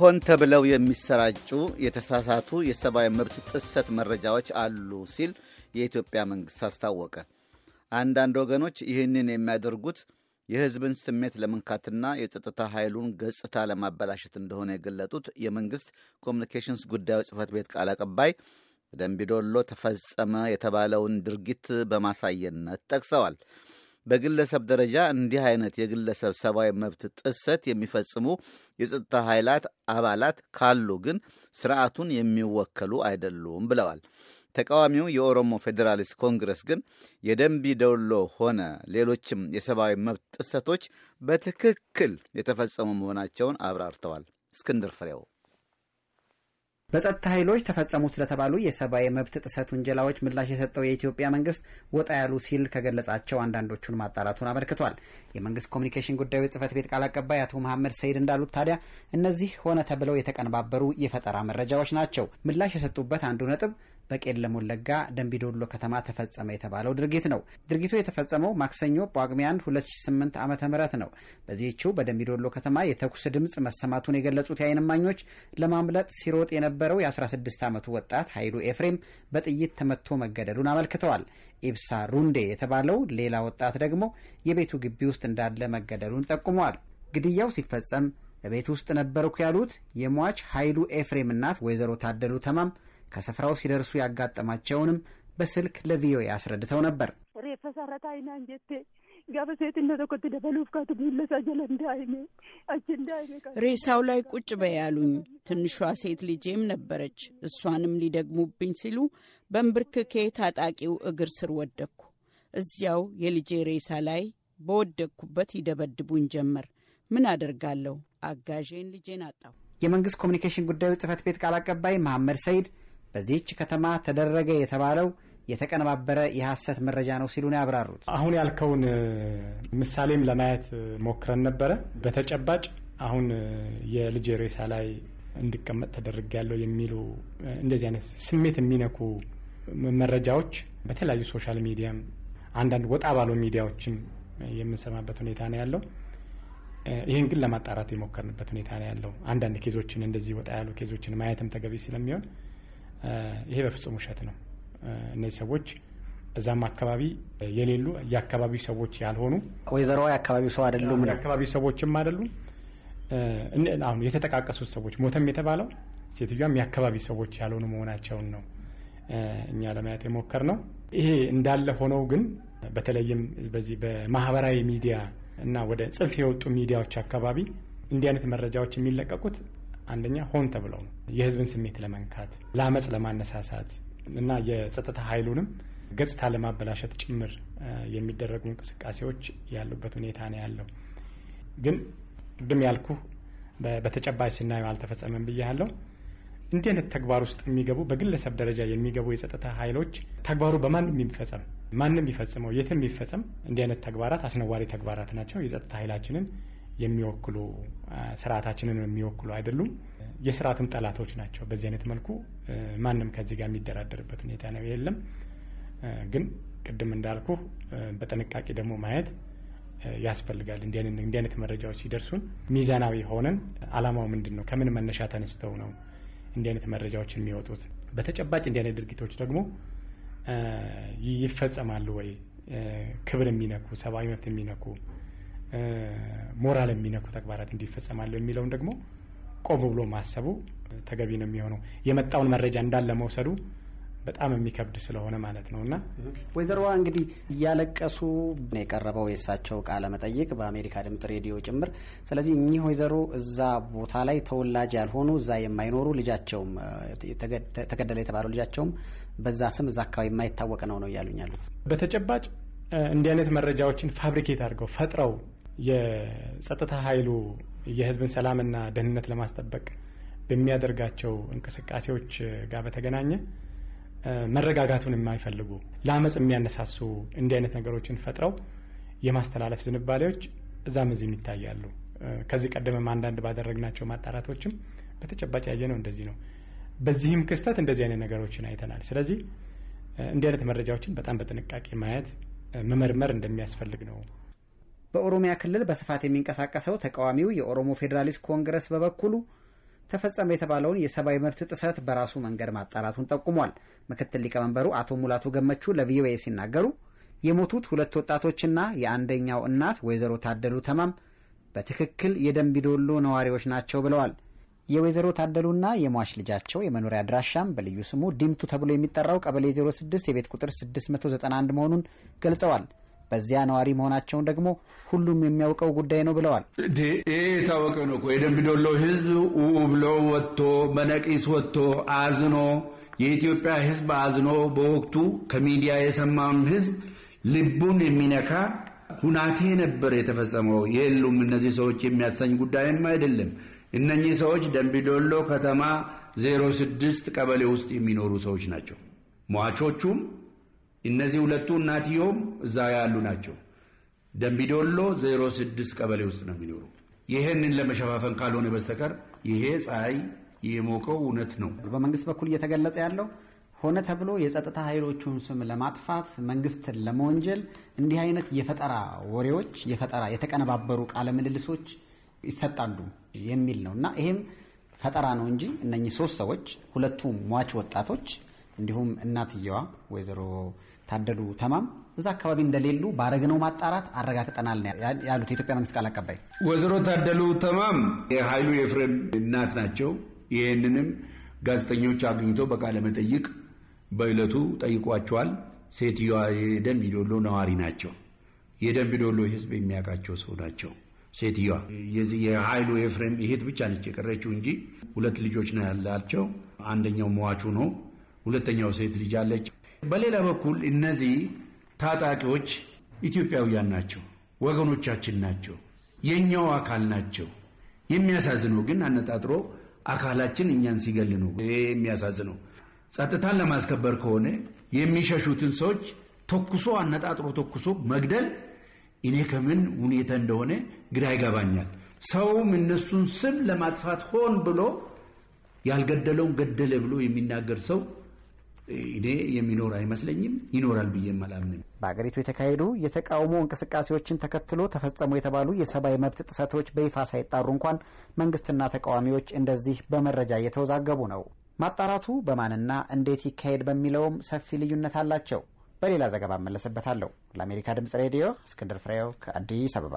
ሆን ተብለው የሚሰራጩ የተሳሳቱ የሰብአዊ መብት ጥሰት መረጃዎች አሉ ሲል የኢትዮጵያ መንግሥት አስታወቀ። አንዳንድ ወገኖች ይህንን የሚያደርጉት የሕዝብን ስሜት ለመንካትና የጸጥታ ኃይሉን ገጽታ ለማበላሸት እንደሆነ የገለጡት የመንግሥት ኮሚኒኬሽንስ ጉዳዮች ጽሕፈት ቤት ቃል አቀባይ ደምቢዶሎ ተፈጸመ የተባለውን ድርጊት በማሳየነት ጠቅሰዋል። በግለሰብ ደረጃ እንዲህ አይነት የግለሰብ ሰብአዊ መብት ጥሰት የሚፈጽሙ የጸጥታ ኃይላት አባላት ካሉ ግን ስርዓቱን የሚወከሉ አይደሉም ብለዋል። ተቃዋሚው የኦሮሞ ፌዴራሊስት ኮንግረስ ግን የደንቢ ደውሎ ሆነ ሌሎችም የሰብአዊ መብት ጥሰቶች በትክክል የተፈጸሙ መሆናቸውን አብራርተዋል። እስክንድር ፍሬው በጸጥታ ኃይሎች ተፈጸሙ ስለተባሉ የሰብአዊ መብት ጥሰት ውንጀላዎች ምላሽ የሰጠው የኢትዮጵያ መንግስት ወጣ ያሉ ሲል ከገለጻቸው አንዳንዶቹን ማጣራቱን አመልክቷል። የመንግስት ኮሚኒኬሽን ጉዳዮች ጽህፈት ቤት ቃል አቀባይ አቶ መሐመድ ሰይድ እንዳሉት ታዲያ እነዚህ ሆነ ተብለው የተቀነባበሩ የፈጠራ መረጃዎች ናቸው። ምላሽ የሰጡበት አንዱ ነጥብ በቄለም ወለጋ ደንቢዶሎ ከተማ ተፈጸመ የተባለው ድርጊት ነው። ድርጊቱ የተፈጸመው ማክሰኞ ጳጉሜ 1 2008 ዓ ም ነው። በዚህችው በደንቢዶሎ ከተማ የተኩስ ድምፅ መሰማቱን የገለጹት የአይን እማኞች ለማምለጥ ሲሮጥ የነበረው የ16 ዓመቱ ወጣት ኃይሉ ኤፍሬም በጥይት ተመቶ መገደሉን አመልክተዋል። ኢብሳ ሩንዴ የተባለው ሌላ ወጣት ደግሞ የቤቱ ግቢ ውስጥ እንዳለ መገደሉን ጠቁመዋል። ግድያው ሲፈጸም በቤት ውስጥ ነበርኩ ያሉት የሟች ኃይሉ ኤፍሬም እናት ወይዘሮ ታደሉ ተማም ከስፍራው ሲደርሱ ያጋጠማቸውንም በስልክ ለቪኦኤ አስረድተው ነበር። ሬሳው ላይ ቁጭ በያሉኝ ትንሿ ሴት ልጄም ነበረች። እሷንም ሊደግሙብኝ ሲሉ በንብርክኬ ታጣቂው እግር ስር ወደቅኩ። እዚያው የልጄ ሬሳ ላይ በወደቅኩበት ይደበድቡኝ ጀመር። ምን አደርጋለሁ? አጋዤን ልጄን አጣሁ። የመንግስት ኮሚኒኬሽን ጉዳዮች ጽህፈት ቤት ቃል አቀባይ መሐመድ ሰይድ በዚህች ከተማ ተደረገ የተባለው የተቀነባበረ የሐሰት መረጃ ነው ሲሉ ነው ያብራሩት። አሁን ያልከውን ምሳሌም ለማየት ሞክረን ነበረ። በተጨባጭ አሁን የልጅ ሬሳ ላይ እንዲቀመጥ ተደርግ ያለው የሚሉ እንደዚህ አይነት ስሜት የሚነኩ መረጃዎች በተለያዩ ሶሻል ሚዲያም አንዳንድ ወጣ ባሉ ሚዲያዎችም የምንሰማበት ሁኔታ ነው ያለው። ይህን ግን ለማጣራት የሞከርንበት ሁኔታ ነው ያለው። አንዳንድ ኬዞችን እንደዚህ ወጣ ያሉ ኬዞችን ማየትም ተገቢ ስለሚሆን ይሄ በፍጹም ውሸት ነው። እነዚህ ሰዎች እዛም አካባቢ የሌሉ የአካባቢው ሰዎች ያልሆኑ ወይዘሮዋ የአካባቢው ሰው አይደሉም የአካባቢው ሰዎችም አይደሉም። አሁን የተጠቃቀሱት ሰዎች ሞተም የተባለው ሴትዮዋም የአካባቢ ሰዎች ያልሆኑ መሆናቸውን ነው እኛ ለማየት የሞከር ነው። ይሄ እንዳለ ሆነው ግን በተለይም በዚህ በማህበራዊ ሚዲያ እና ወደ ጽንፍ የወጡ ሚዲያዎች አካባቢ እንዲህ አይነት መረጃዎች የሚለቀቁት አንደኛ ሆን ተብለው ነው የህዝብን ስሜት ለመንካት ለአመፅ ለማነሳሳት እና የጸጥታ ኃይሉንም ገጽታ ለማበላሸት ጭምር የሚደረጉ እንቅስቃሴዎች ያሉበት ሁኔታ ነው ያለው። ግን ቅድም ያልኩ በተጨባጭ ስናየው አልተፈጸመም ብያለሁ። እንዲህ አይነት ተግባር ውስጥ የሚገቡ በግለሰብ ደረጃ የሚገቡ የጸጥታ ኃይሎች ተግባሩ በማንም የሚፈጸም ማንም ቢፈጽመው የትም ይፈጸም እንዲህ አይነት ተግባራት አስነዋሪ ተግባራት ናቸው። የጸጥታ ኃይላችንን የሚወክሉ ስርዓታችንን የሚወክሉ አይደሉም። የስርዓትም ጠላቶች ናቸው። በዚህ አይነት መልኩ ማንም ከዚህ ጋር የሚደራደርበት ሁኔታ ነው የለም። ግን ቅድም እንዳልኩ በጥንቃቄ ደግሞ ማየት ያስፈልጋል። እንዲህ አይነት መረጃዎች ሲደርሱን ሚዛናዊ ሆነን አላማው ምንድን ነው፣ ከምን መነሻ ተነስተው ነው እንዲህ አይነት መረጃዎች የሚወጡት፣ በተጨባጭ እንዲህ አይነት ድርጊቶች ደግሞ ይፈጸማሉ ወይ፣ ክብር የሚነኩ ሰብአዊ መብት የሚነኩ ሞራል የሚነኩ ተግባራት እንዲፈጸማሉ የሚለውን ደግሞ ቆም ብሎ ማሰቡ ተገቢ ነው የሚሆነው። የመጣውን መረጃ እንዳለ መውሰዱ በጣም የሚከብድ ስለሆነ ማለት ነው። እና ወይዘሮዋ እንግዲህ እያለቀሱ የቀረበው የእሳቸው ቃለ መጠይቅ በአሜሪካ ድምጽ ሬዲዮ ጭምር። ስለዚህ እኚህ ወይዘሮ እዛ ቦታ ላይ ተወላጅ ያልሆኑ እዛ የማይኖሩ ልጃቸውም ተገደለ የተባለው ልጃቸውም በዛ ስም እዛ አካባቢ የማይታወቅ ነው ነው እያሉኛሉ። በተጨባጭ እንዲህ አይነት መረጃዎችን ፋብሪኬት አድርገው ፈጥረው የጸጥታ ኃይሉ የህዝብን ሰላምና ደህንነት ለማስጠበቅ በሚያደርጋቸው እንቅስቃሴዎች ጋር በተገናኘ መረጋጋቱን የማይፈልጉ ለአመፅ የሚያነሳሱ እንዲህ አይነት ነገሮችን ፈጥረው የማስተላለፍ ዝንባሌዎች እዛም እዚህም ይታያሉ። ከዚህ ቀደምም አንዳንድ ባደረግናቸው ማጣራቶችም በተጨባጭ ያየ ነው እንደዚህ ነው። በዚህም ክስተት እንደዚህ አይነት ነገሮችን አይተናል። ስለዚህ እንዲህ አይነት መረጃዎችን በጣም በጥንቃቄ ማየት መመርመር እንደሚያስፈልግ ነው በኦሮሚያ ክልል በስፋት የሚንቀሳቀሰው ተቃዋሚው የኦሮሞ ፌዴራሊስት ኮንግረስ በበኩሉ ተፈጸመ የተባለውን የሰብአዊ መብት ጥሰት በራሱ መንገድ ማጣራቱን ጠቁሟል። ምክትል ሊቀመንበሩ አቶ ሙላቱ ገመቹ ለቪኦኤ ሲናገሩ የሞቱት ሁለት ወጣቶችና የአንደኛው እናት ወይዘሮ ታደሉ ተማም በትክክል የደንቢዶሎ ነዋሪዎች ናቸው ብለዋል። የወይዘሮ ታደሉና የሟች ልጃቸው የመኖሪያ አድራሻም በልዩ ስሙ ዲምቱ ተብሎ የሚጠራው ቀበሌ 06 የቤት ቁጥር 691 መሆኑን ገልጸዋል። በዚያ ነዋሪ መሆናቸውን ደግሞ ሁሉም የሚያውቀው ጉዳይ ነው ብለዋል። ይህ የታወቀ ነው እኮ ዶሎ ህዝብ ውኡ ብሎ ወጥቶ በነቂስ ወጥቶ አዝኖ የኢትዮጵያ ህዝብ አዝኖ በወቅቱ ከሚዲያ የሰማም ህዝብ ልቡን የሚነካ ሁናቴ ነበር የተፈጸመው። የሉም እነዚህ ሰዎች የሚያሰኝ ጉዳይም አይደለም። እነኚህ ሰዎች ደምቢዶሎ ከተማ 06 ቀበሌ ውስጥ የሚኖሩ ሰዎች ናቸው። ሟቾቹም እነዚህ ሁለቱ እናትየውም እዛ ያሉ ናቸው። ደምቢዶሎ 06 ቀበሌ ውስጥ ነው የሚኖሩ። ይህንን ለመሸፋፈን ካልሆነ በስተቀር ይሄ ፀሐይ የሞቀው እውነት ነው። በመንግስት በኩል እየተገለጸ ያለው ሆነ ተብሎ የጸጥታ ኃይሎቹን ስም ለማጥፋት መንግስትን ለመወንጀል እንዲህ አይነት የፈጠራ ወሬዎች፣ የፈጠራ የተቀነባበሩ ቃለ ምልልሶች ይሰጣሉ የሚል ነው እና ይሄም ፈጠራ ነው እንጂ እነኚህ ሶስት ሰዎች ሁለቱ ሟች ወጣቶች እንዲሁም እናትየዋ ወይዘሮ ታደሉ ተማም እዛ አካባቢ እንደሌሉ ባረግነው ማጣራት አረጋግጠናል ያሉት የኢትዮጵያ መንግስት ቃል አቀባይ ወይዘሮ ታደሉ ተማም የኃይሉ የፍሬም እናት ናቸው። ይህንንም ጋዜጠኞች አግኝቶ በቃለ መጠይቅ በዕለቱ ጠይቋቸዋል። ሴትዮዋ የደንቢ ዶሎ ነዋሪ ናቸው። የደንቢ ዶሎ ህዝብ የሚያውቃቸው ሰው ናቸው። ሴትዮዋ የዚህ የኃይሉ ኤፍሬም እህት ብቻ ነች የቀረችው እንጂ ሁለት ልጆች ነው ያላቸው። አንደኛው መዋቹ ነው። ሁለተኛው ሴት ልጅ አለች። በሌላ በኩል እነዚህ ታጣቂዎች ኢትዮጵያውያን ናቸው፣ ወገኖቻችን ናቸው፣ የእኛው አካል ናቸው። የሚያሳዝነው ግን አነጣጥሮ አካላችን እኛን ሲገል ነው። ይሄ የሚያሳዝነው ጸጥታን ለማስከበር ከሆነ የሚሸሹትን ሰዎች ተኩሶ አነጣጥሮ ተኩሶ መግደል እኔ ከምን ሁኔታ እንደሆነ ግራ ይገባኛል። ሰውም እነሱን ስም ለማጥፋት ሆን ብሎ ያልገደለውን ገደለ ብሎ የሚናገር ሰው እኔ የሚኖር አይመስለኝም። ይኖራል ብዬ አላምንም። በአገሪቱ የተካሄዱ የተቃውሞ እንቅስቃሴዎችን ተከትሎ ተፈጸሙ የተባሉ የሰብአዊ መብት ጥሰቶች በይፋ ሳይጣሩ እንኳን መንግስትና ተቃዋሚዎች እንደዚህ በመረጃ እየተወዛገቡ ነው። ማጣራቱ በማንና እንዴት ይካሄድ በሚለውም ሰፊ ልዩነት አላቸው። በሌላ ዘገባ እመለስበታለሁ። ለአሜሪካ ድምጽ ሬዲዮ እስክንድር ፍሬው ከአዲስ አበባ